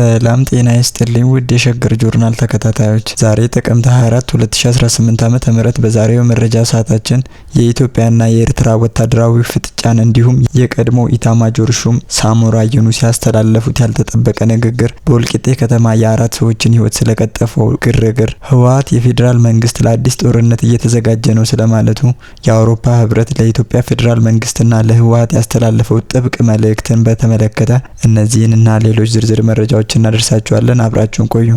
ሰላም ጤና ይስጥልኝ ውድ የሸገር ጆርናል ተከታታዮች፣ ዛሬ ጥቅምት 24 2018 ዓ.ም በዛሬው መረጃ ሰዓታችን የኢትዮጵያና የኤርትራ ወታደራዊ ፍጥጫን እንዲሁም የቀድሞ ኢታማጆር ሹም ሳሞራ የኑስ ያስተላለፉት ያልተጠበቀ ንግግር፣ በወልቂጤ ከተማ የአራት ሰዎችን ህይወት ስለቀጠፈው ግርግር፣ ህወሓት የፌዴራል መንግስት ለአዲስ ጦርነት እየተዘጋጀ ነው ስለማለቱ፣ የአውሮፓ ህብረት ለኢትዮጵያ ፌዴራል መንግስትና ለህወሓት ያስተላለፈው ጥብቅ መልእክትን በተመለከተ እነዚህንና ሌሎች ዝርዝር መረጃዎች እናደርሳችኋለን። አብራችሁን ቆዩ።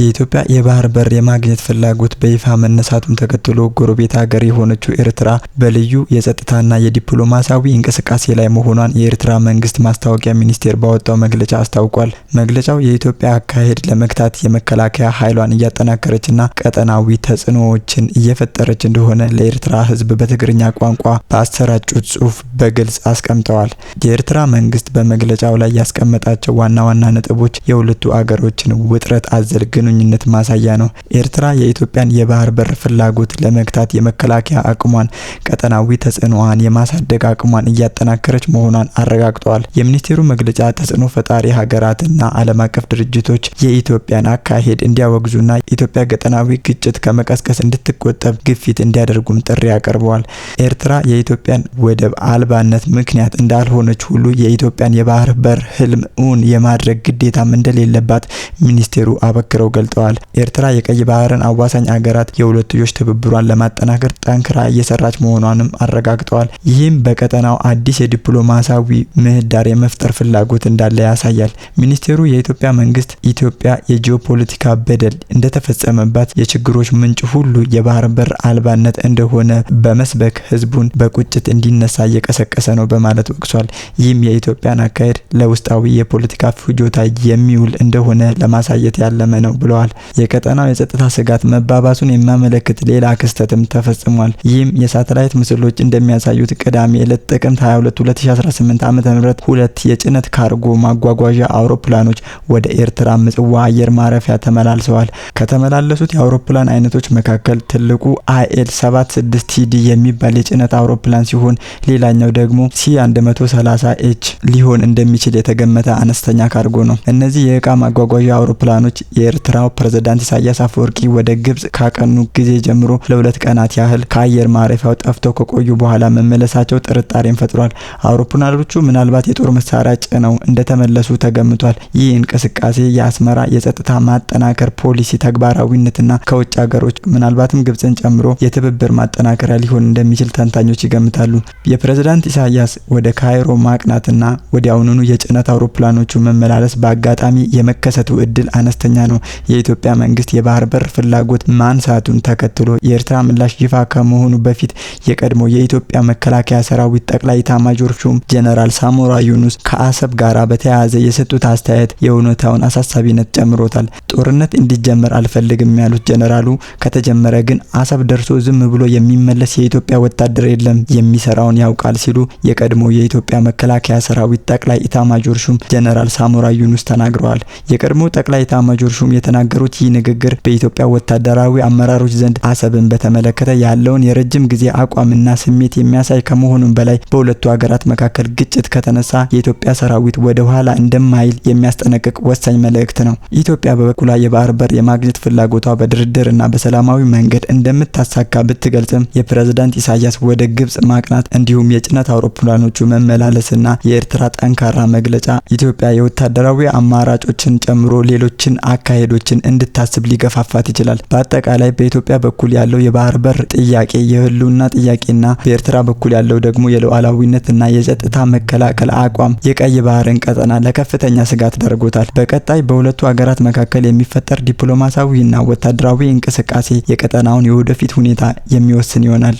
የኢትዮጵያ የባህር በር የማግኘት ፍላጎት በይፋ መነሳቱን ተከትሎ ጎረቤት ሀገር የሆነችው ኤርትራ በልዩ የጸጥታና የዲፕሎማሲያዊ እንቅስቃሴ ላይ መሆኗን የኤርትራ መንግስት ማስታወቂያ ሚኒስቴር ባወጣው መግለጫ አስታውቋል። መግለጫው የኢትዮጵያ አካሄድ ለመግታት የመከላከያ ኃይሏን እያጠናከረችና ቀጠናዊ ተጽዕኖዎችን እየፈጠረች እንደሆነ ለኤርትራ ሕዝብ በትግርኛ ቋንቋ በአሰራጩት ጽሑፍ በግልጽ አስቀምጠዋል። የኤርትራ መንግስት በመግለጫው ላይ ያስቀመጣቸው ዋና ዋና ነጥቦች የሁለቱ አገሮችን ውጥረት አዘልግ ግንኙነት ማሳያ ነው። ኤርትራ የኢትዮጵያን የባህር በር ፍላጎት ለመግታት የመከላከያ አቅሟን፣ ቀጠናዊ ተጽዕኖዋን የማሳደግ አቅሟን እያጠናከረች መሆኗን አረጋግጠዋል። የሚኒስቴሩ መግለጫ ተጽዕኖ ፈጣሪ ሀገራትና ዓለም አቀፍ ድርጅቶች የኢትዮጵያን አካሄድ እንዲያወግዙና ኢትዮጵያ ቀጠናዊ ግጭት ከመቀስቀስ እንድትቆጠብ ግፊት እንዲያደርጉም ጥሪ አቅርበዋል። ኤርትራ የኢትዮጵያን ወደብ አልባነት ምክንያት እንዳልሆነች ሁሉ የኢትዮጵያን የባህር በር ህልም እውን የማድረግ ግዴታም እንደሌለባት ሚኒስቴሩ አበክረው ገልጠዋል። ኤርትራ የቀይ ባህርን አዋሳኝ አገራት የሁለትዮሽ ትብብሯን ለማጠናከር ጠንክራ እየሰራች መሆኗንም አረጋግጠዋል። ይህም በቀጠናው አዲስ የዲፕሎማሲያዊ ምህዳር የመፍጠር ፍላጎት እንዳለ ያሳያል። ሚኒስቴሩ የኢትዮጵያ መንግስት ኢትዮጵያ የጂኦፖለቲካ በደል እንደተፈጸመባት የችግሮች ምንጭ ሁሉ የባህር በር አልባነት እንደሆነ በመስበክ ህዝቡን በቁጭት እንዲነሳ እየቀሰቀሰ ነው በማለት ወቅሷል። ይህም የኢትዮጵያን አካሄድ ለውስጣዊ የፖለቲካ ፍጆታ የሚውል እንደሆነ ለማሳየት ያለመ ነው ብለዋል። የቀጠናው የጸጥታ ስጋት መባባሱን የሚያመለክት ሌላ ክስተትም ተፈጽሟል። ይህም የሳተላይት ምስሎች እንደሚያሳዩት ቅዳሜ ዕለት ጥቅምት 22 2018 ዓ ም ሁለት የጭነት ካርጎ ማጓጓዣ አውሮፕላኖች ወደ ኤርትራ ምጽዋ አየር ማረፊያ ተመላልሰዋል። ከተመላለሱት የአውሮፕላን አይነቶች መካከል ትልቁ አይኤል 76 ቲዲ የሚባል የጭነት አውሮፕላን ሲሆን ሌላኛው ደግሞ ሲ130 ኤች ሊሆን እንደሚችል የተገመተ አነስተኛ ካርጎ ነው። እነዚህ የእቃ ማጓጓዣ አውሮፕላኖች የኤርትራ የኤርትራው ፕሬዝዳንት ኢሳያስ አፈወርቂ ወደ ግብጽ ካቀኑ ጊዜ ጀምሮ ለሁለት ቀናት ያህል ከአየር ማረፊያው ጠፍተው ከቆዩ በኋላ መመለሳቸው ጥርጣሬን ፈጥሯል። አውሮፕላኖቹ ምናልባት የጦር መሳሪያ ጭነው እንደተመለሱ ተገምቷል። ይህ እንቅስቃሴ የአስመራ የጸጥታ ማጠናከር ፖሊሲ ተግባራዊነትና ከውጭ ሀገሮች ምናልባትም ግብጽን ጨምሮ የትብብር ማጠናከሪያ ሊሆን እንደሚችል ተንታኞች ይገምታሉ። የፕሬዝዳንት ኢሳያስ ወደ ካይሮ ማቅናትና ወዲያውኑኑ የጭነት አውሮፕላኖቹ መመላለስ በአጋጣሚ የመከሰቱ እድል አነስተኛ ነው። የኢትዮጵያ መንግስት የባህር በር ፍላጎት ማንሳቱን ተከትሎ የኤርትራ ምላሽ ይፋ ከመሆኑ በፊት የቀድሞ የኢትዮጵያ መከላከያ ሰራዊት ጠቅላይ ኤታማዦር ሹም ጀነራል ሳሞራ ዩኑስ ከአሰብ ጋር በተያያዘ የሰጡት አስተያየት የእውነታውን አሳሳቢነት ጨምሮታል። ጦርነት እንዲጀመር አልፈልግም ያሉት ጄኔራሉ ከተጀመረ ግን አሰብ ደርሶ ዝም ብሎ የሚመለስ የኢትዮጵያ ወታደር የለም፣ የሚሰራውን ያውቃል ሲሉ የቀድሞ የኢትዮጵያ መከላከያ ሰራዊት ጠቅላይ ኢታማጆር ሹም ጀነራል ሳሞራ ዩኑስ ተናግረዋል። የቀድሞ ጠቅላይ ኢታማጆር ሹም የተናገሩት ይህ ንግግር በኢትዮጵያ ወታደራዊ አመራሮች ዘንድ አሰብን በተመለከተ ያለውን የረጅም ጊዜ አቋምና ስሜት የሚያሳይ ከመሆኑም በላይ በሁለቱ ሀገራት መካከል ግጭት ከተነሳ የኢትዮጵያ ሰራዊት ወደ ኋላ እንደማይል የሚያስጠነቅቅ ወሳኝ መልእክት ነው። ኢትዮጵያ በበኩሏ የባህር በር የማግኘት ፍላጎቷ በድርድር እና በሰላማዊ መንገድ እንደምታሳካ ብትገልጽም የፕሬዝዳንት ኢሳያስ ወደ ግብጽ ማቅናት እንዲሁም የጭነት አውሮፕላኖቹ መመላለስና የኤርትራ ጠንካራ መግለጫ ኢትዮጵያ የወታደራዊ አማራጮችን ጨምሮ ሌሎችን አካሄዶች ጉዳዮችን እንድታስብ ሊገፋፋት ይችላል። በአጠቃላይ በኢትዮጵያ በኩል ያለው የባህር በር ጥያቄ የህልውና ጥያቄና በኤርትራ በኩል ያለው ደግሞ የሉዓላዊነትና የጸጥታ መከላከል አቋም የቀይ ባህርን ቀጠና ለከፍተኛ ስጋት ዳርጎታል። በቀጣይ በሁለቱ ሀገራት መካከል የሚፈጠር ዲፕሎማሲያዊና ወታደራዊ እንቅስቃሴ የቀጠናውን የወደፊት ሁኔታ የሚወስን ይሆናል።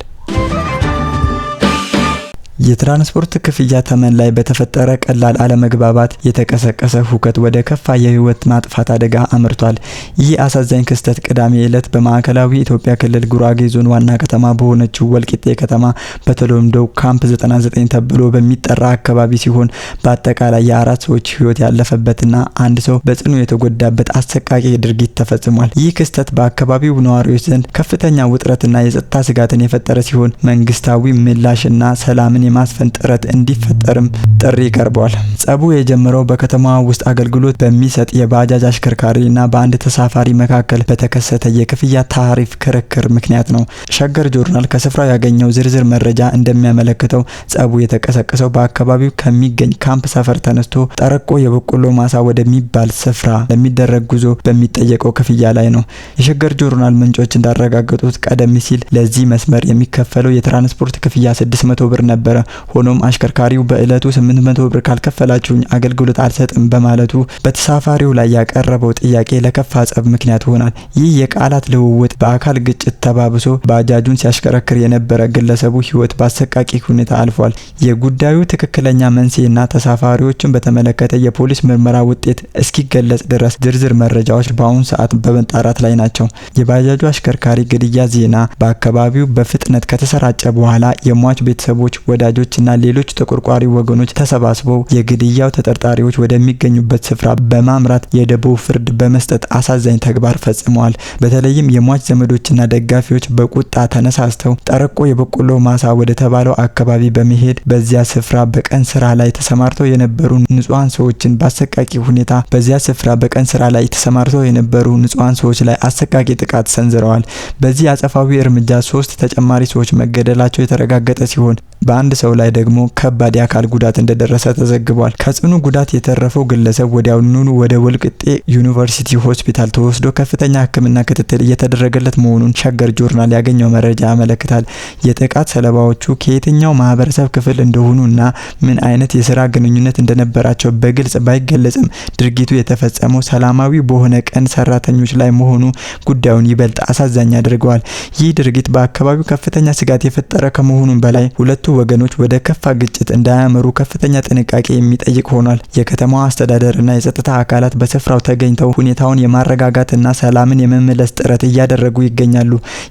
የትራንስፖርት ክፍያ ተመን ላይ በተፈጠረ ቀላል አለመግባባት የተቀሰቀሰ ሁከት ወደ ከፋ የህይወት ማጥፋት አደጋ አምርቷል። ይህ አሳዛኝ ክስተት ቅዳሜ ዕለት በማዕከላዊ ኢትዮጵያ ክልል ጉራጌ ዞን ዋና ከተማ በሆነችው ወልቂጤ ከተማ በተለምዶ ካምፕ 99 ተብሎ በሚጠራ አካባቢ ሲሆን በአጠቃላይ የአራት ሰዎች ህይወት ያለፈበትና አንድ ሰው በጽኑ የተጎዳበት አሰቃቂ ድርጊት ተፈጽሟል። ይህ ክስተት በአካባቢው ነዋሪዎች ዘንድ ከፍተኛ ውጥረትና የጸጥታ ስጋትን የፈጠረ ሲሆን መንግስታዊ ምላሽና ሰላምን የማስፈን ጥረት እንዲፈጠርም ጥሪ ቀርቧል። ጸቡ የጀመረው በከተማዋ ውስጥ አገልግሎት በሚሰጥ የባጃጅ አሽከርካሪ እና በአንድ ተሳፋሪ መካከል በተከሰተ የክፍያ ታሪፍ ክርክር ምክንያት ነው። ሸገር ጆርናል ከስፍራው ያገኘው ዝርዝር መረጃ እንደሚያመለክተው ጸቡ የተቀሰቀሰው በአካባቢው ከሚገኝ ካምፕ ሰፈር ተነስቶ ጠረቆ የበቆሎ ማሳ ወደሚባል ስፍራ ለሚደረግ ጉዞ በሚጠየቀው ክፍያ ላይ ነው። የሸገር ጆርናል ምንጮች እንዳረጋገጡት ቀደም ሲል ለዚህ መስመር የሚከፈለው የትራንስፖርት ክፍያ 600 ብር ነበረ። ሆኖም አሽከርካሪው በእለቱ 800 ብር ካልከፈላችሁኝ አገልግሎት አልሰጥም በማለቱ በተሳፋሪው ላይ ያቀረበው ጥያቄ ለከፋ ጸብ ምክንያት ይሆናል። ይህ የቃላት ልውውጥ በአካል ግጭት ተባብሶ ባጃጁን ሲያሽከረክር የነበረ ግለሰቡ ህይወት በአሰቃቂ ሁኔታ አልፏል። የጉዳዩ ትክክለኛ መንስኤና ተሳፋሪዎችን በተመለከተ የፖሊስ ምርመራ ውጤት እስኪገለጽ ድረስ ዝርዝር መረጃዎች በአሁኑ ሰዓት በመጣራት ላይ ናቸው። የባጃጁ አሽከርካሪ ግድያ ዜና በአካባቢው በፍጥነት ከተሰራጨ በኋላ የሟች ቤተሰቦች ወደ ወዳጆችና ሌሎች ተቆርቋሪ ወገኖች ተሰባስበው የግድያው ተጠርጣሪዎች ወደሚገኙበት ስፍራ በማምራት የደቡብ ፍርድ በመስጠት አሳዛኝ ተግባር ፈጽመዋል። በተለይም የሟች ዘመዶችና ደጋፊዎች በቁጣ ተነሳስተው ጠረቆ የበቆሎ ማሳ ወደ ተባለው አካባቢ በመሄድ በዚያ ስፍራ በቀን ስራ ላይ ተሰማርተው የነበሩ ንጹሐን ሰዎችን በአሰቃቂ ሁኔታ በዚያ ስፍራ በቀን ስራ ላይ ተሰማርተው የነበሩ ንጹሐን ሰዎች ላይ አሰቃቂ ጥቃት ሰንዝረዋል። በዚህ አጸፋዊ እርምጃ ሶስት ተጨማሪ ሰዎች መገደላቸው የተረጋገጠ ሲሆን በአንድ አንድ ሰው ላይ ደግሞ ከባድ የአካል ጉዳት እንደደረሰ ተዘግቧል። ከጽኑ ጉዳት የተረፈው ግለሰብ ወዲያውኑ ወደ ወልቅጤ ዩኒቨርሲቲ ሆስፒታል ተወስዶ ከፍተኛ ሕክምና ክትትል እየተደረገለት መሆኑን ሸገር ጆርናል ያገኘው መረጃ ያመለክታል። የጥቃት ሰለባዎቹ ከየትኛው ማህበረሰብ ክፍል እንደሆኑ እና ምን አይነት የስራ ግንኙነት እንደነበራቸው በግልጽ ባይገለጽም ድርጊቱ የተፈጸመው ሰላማዊ በሆነ ቀን ሰራተኞች ላይ መሆኑ ጉዳዩን ይበልጥ አሳዛኝ አድርገዋል። ይህ ድርጊት በአካባቢው ከፍተኛ ስጋት የፈጠረ ከመሆኑም በላይ ሁለቱ ወገኖች ወገኖች ወደ ከፋ ግጭት እንዳያመሩ ከፍተኛ ጥንቃቄ የሚጠይቅ ሆኗል። የከተማዋ አስተዳደርና የጸጥታ አካላት በስፍራው ተገኝተው ሁኔታውን የማረጋጋትና ሰላምን የመመለስ ጥረት እያደረጉ ይገኛሉ።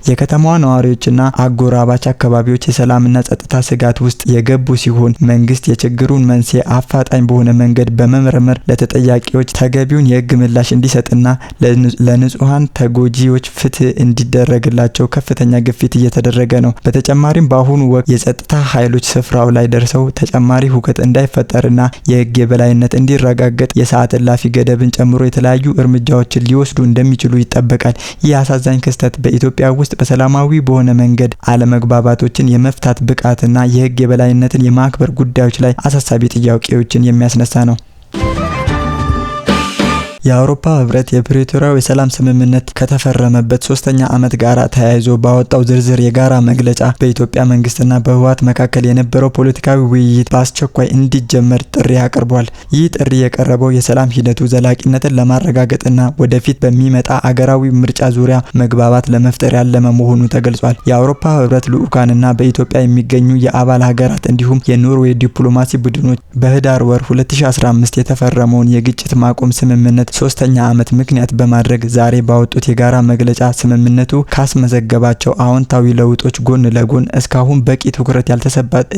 የከተማዋ ነዋሪዎችና አጎራባች አካባቢዎች የሰላምና ጸጥታ ስጋት ውስጥ የገቡ ሲሆን መንግስት የችግሩን መንስኤ አፋጣኝ በሆነ መንገድ በመመርመር ለተጠያቂዎች ተገቢውን የህግ ምላሽ እንዲሰጥና ለንጹሀን ተጎጂዎች ፍትህ እንዲደረግላቸው ከፍተኛ ግፊት እየተደረገ ነው። በተጨማሪም በአሁኑ ወቅት የጸጥታ ኃይሎች ኃይሎች ስፍራው ላይ ደርሰው ተጨማሪ ሁከት እንዳይፈጠርና የህግ የበላይነት እንዲረጋገጥ የሰዓት እላፊ ገደብን ጨምሮ የተለያዩ እርምጃዎችን ሊወስዱ እንደሚችሉ ይጠበቃል። ይህ አሳዛኝ ክስተት በኢትዮጵያ ውስጥ በሰላማዊ በሆነ መንገድ አለመግባባቶችን የመፍታት ብቃትና የህግ የበላይነትን የማክበር ጉዳዮች ላይ አሳሳቢ ጥያቄዎችን የሚያስነሳ ነው። የአውሮፓ ህብረት የፕሪቶሪያው የሰላም ስምምነት ከተፈረመበት ሶስተኛ ዓመት ጋር ተያይዞ ባወጣው ዝርዝር የጋራ መግለጫ በኢትዮጵያ መንግስትና በህወሀት መካከል የነበረው ፖለቲካዊ ውይይት በአስቸኳይ እንዲጀመር ጥሪ አቅርቧል። ይህ ጥሪ የቀረበው የሰላም ሂደቱ ዘላቂነትን ለማረጋገጥና ወደፊት በሚመጣ አገራዊ ምርጫ ዙሪያ መግባባት ለመፍጠር ያለመ መሆኑ ተገልጿል። የአውሮፓ ህብረት ልዑካንና በኢትዮጵያ የሚገኙ የአባል ሀገራት እንዲሁም የኖርዌይ ዲፕሎማሲ ቡድኖች በህዳር ወር 2015 የተፈረመውን የግጭት ማቆም ስምምነት ሶስተኛ ዓመት ምክንያት በማድረግ ዛሬ ባወጡት የጋራ መግለጫ ስምምነቱ ካስመዘገባቸው አዎንታዊ ለውጦች ጎን ለጎን እስካሁን በቂ ትኩረት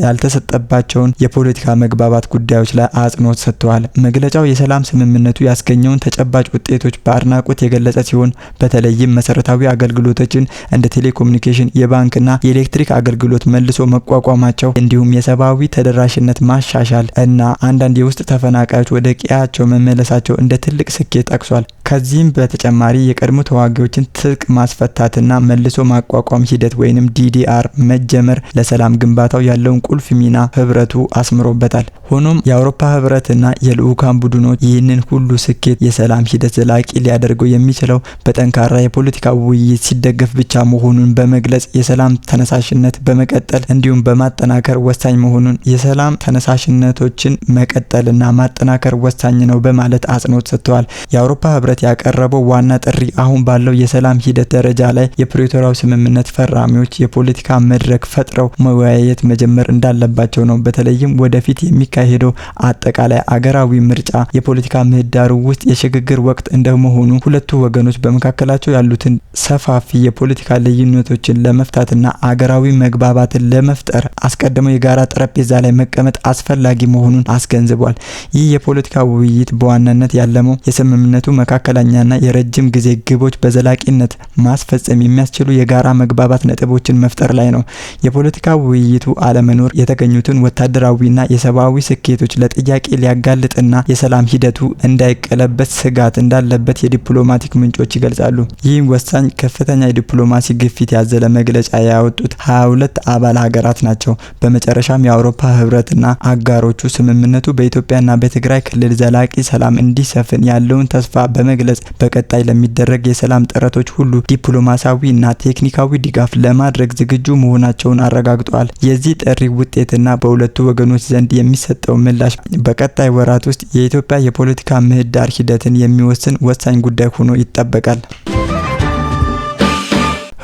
ያልተሰጠባቸውን የፖለቲካ መግባባት ጉዳዮች ላይ አጽንኦት ሰጥተዋል። መግለጫው የሰላም ስምምነቱ ያስገኘውን ተጨባጭ ውጤቶች በአድናቆት የገለጸ ሲሆን በተለይም መሰረታዊ አገልግሎቶችን እንደ ቴሌኮሙኒኬሽን፣ የባንክና የኤሌክትሪክ አገልግሎት መልሶ መቋቋማቸው እንዲሁም የሰብአዊ ተደራሽነት ማሻሻል እና አንዳንድ የውስጥ ተፈናቃዮች ወደ ቀያቸው መመለሳቸው እንደ ትልቅ ስኬት ጠቅሷል። ከዚህም በተጨማሪ የቀድሞ ተዋጊዎችን ትጥቅ ማስፈታትና መልሶ ማቋቋም ሂደት ወይንም ዲዲአር መጀመር ለሰላም ግንባታው ያለውን ቁልፍ ሚና ህብረቱ አስምሮበታል። ሆኖም የአውሮፓ ህብረትና የልዑካን ቡድኖች ይህንን ሁሉ ስኬት የሰላም ሂደት ዘላቂ ሊያደርገው የሚችለው በጠንካራ የፖለቲካ ውይይት ሲደገፍ ብቻ መሆኑን በመግለጽ የሰላም ተነሳሽነት በመቀጠል እንዲሁም በማጠናከር ወሳኝ መሆኑን የሰላም ተነሳሽነቶችን መቀጠልና ማጠናከር ወሳኝ ነው በማለት አጽንኦት ሰጥተዋል። የአውሮፓ ህብረት ህብረት ያቀረበው ዋና ጥሪ አሁን ባለው የሰላም ሂደት ደረጃ ላይ የፕሪቶሪያው ስምምነት ፈራሚዎች የፖለቲካ መድረክ ፈጥረው መወያየት መጀመር እንዳለባቸው ነው። በተለይም ወደፊት የሚካሄደው አጠቃላይ አገራዊ ምርጫ የፖለቲካ ምህዳሩ ውስጥ የሽግግር ወቅት እንደመሆኑ ሁለቱ ወገኖች በመካከላቸው ያሉትን ሰፋፊ የፖለቲካ ልዩነቶችን ለመፍታትና አገራዊ መግባባትን ለመፍጠር አስቀድመው የጋራ ጠረጴዛ ላይ መቀመጥ አስፈላጊ መሆኑን አስገንዝቧል። ይህ የፖለቲካ ውይይት በዋናነት ያለመው የስምምነቱ መካከል መካከለኛና የረጅም ጊዜ ግቦች በዘላቂነት ማስፈጸም የሚያስችሉ የጋራ መግባባት ነጥቦችን መፍጠር ላይ ነው። የፖለቲካ ውይይቱ አለመኖር የተገኙትን ወታደራዊና የሰብአዊ ስኬቶች ለጥያቄ ሊያጋልጥና የሰላም ሂደቱ እንዳይቀለበት ስጋት እንዳለበት የዲፕሎማቲክ ምንጮች ይገልጻሉ። ይህም ወሳኝ ከፍተኛ የዲፕሎማሲ ግፊት ያዘለ መግለጫ ያወጡት 22 አባል ሀገራት ናቸው። በመጨረሻም የአውሮፓ ህብረትና አጋሮቹ ስምምነቱ በኢትዮጵያና በትግራይ ክልል ዘላቂ ሰላም እንዲሰፍን ያለውን ተስፋ በመ በመግለጽ በቀጣይ ለሚደረግ የሰላም ጥረቶች ሁሉ ዲፕሎማሲያዊ እና ቴክኒካዊ ድጋፍ ለማድረግ ዝግጁ መሆናቸውን አረጋግጠዋል። የዚህ ጥሪ ውጤትና በሁለቱ ወገኖች ዘንድ የሚሰጠው ምላሽ በቀጣይ ወራት ውስጥ የኢትዮጵያ የፖለቲካ ምህዳር ሂደትን የሚወስን ወሳኝ ጉዳይ ሆኖ ይጠበቃል።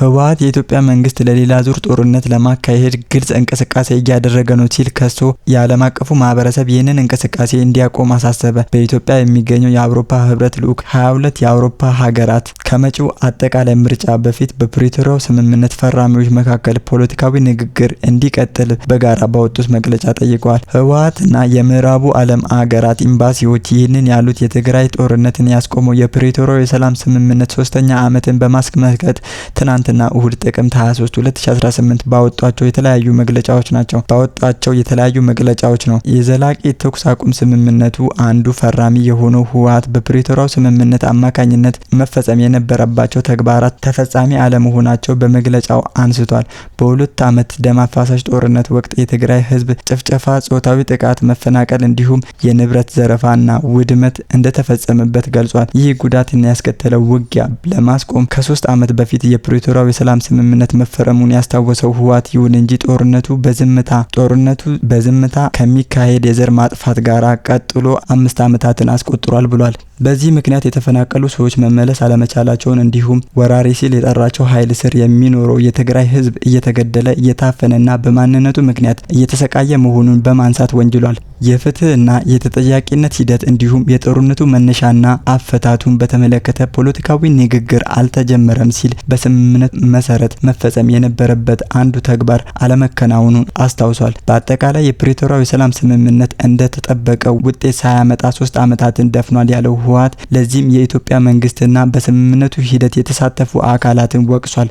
ህወሀት የኢትዮጵያ መንግስት ለሌላ ዙር ጦርነት ለማካሄድ ግልጽ እንቅስቃሴ እያደረገ ነው ሲል ከሶ የዓለም አቀፉ ማህበረሰብ ይህንን እንቅስቃሴ እንዲያቆም አሳሰበ። በኢትዮጵያ የሚገኘው የአውሮፓ ህብረት ልዑክ 22 የአውሮፓ ሀገራት ከመጪው አጠቃላይ ምርጫ በፊት በፕሪቶሪያው ስምምነት ፈራሚዎች መካከል ፖለቲካዊ ንግግር እንዲቀጥል በጋራ ባወጡት መግለጫ ጠይቀዋል። ህወሀትና የምዕራቡ ዓለም አገራት ኤምባሲዎች ይህንን ያሉት የትግራይ ጦርነትን ያስቆመው የፕሪቶሪያው የሰላም ስምምነት ሶስተኛ ዓመትን በማስመልከት ትናንት ትናንትና እሁድ ጥቅምት 23 2018 ባወጧቸው የተለያዩ መግለጫዎች ናቸው። ባወጧቸው የተለያዩ መግለጫዎች ነው የዘላቂ ተኩስ አቁም ስምምነቱ አንዱ ፈራሚ የሆነው ህወሀት በፕሪቶሪያው ስምምነት አማካኝነት መፈጸም የነበረባቸው ተግባራት ተፈጻሚ አለመሆናቸው በመግለጫው አንስቷል። በሁለት ዓመት ደም አፋሳሽ ጦርነት ወቅት የትግራይ ህዝብ ጭፍጨፋ፣ ጾታዊ ጥቃት፣ መፈናቀል እንዲሁም የንብረት ዘረፋና ውድመት እንደተፈጸመበት ገልጿል። ይህ ጉዳት ያስከተለው ውጊያ ለማስቆም ከሶስት ዓመት በፊት የፕሪቶሪያ ብሔራዊ የሰላም ስምምነት መፈረሙን ያስታወሰው ህወሓት ይሁን እንጂ ጦርነቱ በዝምታ ጦርነቱ በዝምታ ከሚካሄድ የዘር ማጥፋት ጋር ቀጥሎ አምስት ዓመታትን አስቆጥሯል ብሏል። በዚህ ምክንያት የተፈናቀሉ ሰዎች መመለስ አለመቻላቸውን እንዲሁም ወራሪ ሲል የጠራቸው ኃይል ስር የሚኖረው የትግራይ ህዝብ እየተገደለ እየታፈነና በማንነቱ ምክንያት እየተሰቃየ መሆኑን በማንሳት ወንጅሏል። የፍትህና የተጠያቂነት ሂደት እንዲሁም የጦርነቱ መነሻና አፈታቱን በተመለከተ ፖለቲካዊ ንግግር አልተጀመረም ሲል በስምምነት መሰረት መፈጸም የነበረበት አንዱ ተግባር አለመከናወኑን አስታውሷል። በአጠቃላይ የፕሪቶሪያው የሰላም ስምምነት እንደተጠበቀው ውጤት ሳያመጣ ሶስት ዓመታትን ደፍኗል ያለው ህወሓት ለዚህም የኢትዮጵያ መንግስትና በስምምነቱ ሂደት የተሳተፉ አካላትን ወቅሷል።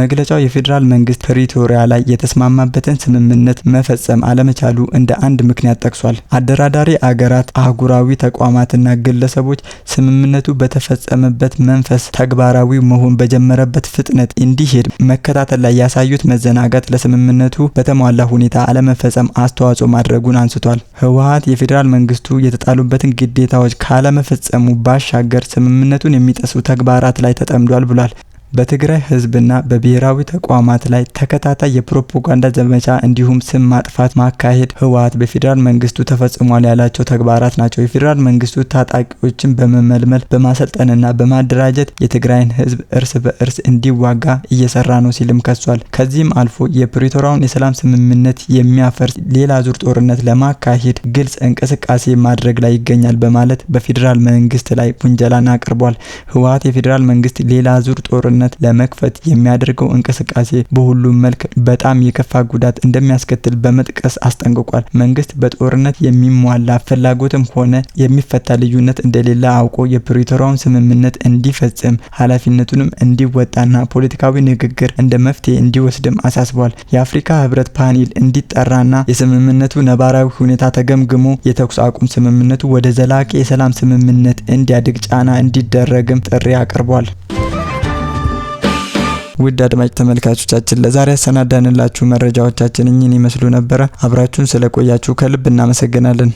መግለጫው የፌዴራል መንግስት ፕሪቶሪያ ላይ የተስማማበትን ስምምነት መፈጸም አለመቻሉ እንደ አንድ ምክንያት ጠቅሷል። አደራዳሪ አገራት፣ አህጉራዊ ተቋማትና ግለሰቦች ስምምነቱ በተፈጸመበት መንፈስ ተግባራዊ መሆን በጀመረበት ፍጥነት እንዲሄድ መከታተል ላይ ያሳዩት መዘናጋት ለስምምነቱ በተሟላ ሁኔታ አለመፈጸም አስተዋጽኦ ማድረጉን አንስቷል። ህወሀት የፌዴራል መንግስቱ የተጣሉበትን ግዴታዎች ካለመፈጸሙ ባሻገር ስምምነቱን የሚጠሱ ተግባራት ላይ ተጠምዷል ብሏል። በትግራይ ህዝብና በብሔራዊ ተቋማት ላይ ተከታታይ የፕሮፓጋንዳ ዘመቻ እንዲሁም ስም ማጥፋት ማካሄድ ህወሓት በፌዴራል መንግስቱ ተፈጽሟል ያላቸው ተግባራት ናቸው። የፌዴራል መንግስቱ ታጣቂዎችን በመመልመል በማሰልጠንና በማደራጀት የትግራይን ህዝብ እርስ በእርስ እንዲዋጋ እየሰራ ነው ሲልም ከሷል። ከዚህም አልፎ የፕሪቶሪያውን የሰላም ስምምነት የሚያፈርስ ሌላ ዙር ጦርነት ለማካሄድ ግልጽ እንቅስቃሴ ማድረግ ላይ ይገኛል በማለት በፌዴራል መንግስት ላይ ውንጀላን አቅርቧል። ህወሓት የፌዴራል መንግስት ሌላ ዙር ጦርነት ጦርነት ለመክፈት የሚያደርገው እንቅስቃሴ በሁሉም መልክ በጣም የከፋ ጉዳት እንደሚያስከትል በመጥቀስ አስጠንቅቋል። መንግስት በጦርነት የሚሟላ ፍላጎትም ሆነ የሚፈታ ልዩነት እንደሌለ አውቆ የፕሪቶሪያውን ስምምነት እንዲፈጽም ኃላፊነቱንም እንዲወጣና ፖለቲካዊ ንግግር እንደ መፍትሄ እንዲወስድም አሳስቧል። የአፍሪካ ህብረት ፓኔል እንዲጠራና የስምምነቱ ነባራዊ ሁኔታ ተገምግሞ የተኩስ አቁም ስምምነቱ ወደ ዘላቂ የሰላም ስምምነት እንዲያድግ ጫና እንዲደረግም ጥሪ አቅርቧል። ውድ አድማጭ ተመልካቾቻችን ለዛሬ ያሰናዳንላችሁ መረጃዎቻችን እኚህን ይመስሉ ነበረ። አብራችሁን ስለቆያችሁ ከልብ እናመሰግናለን።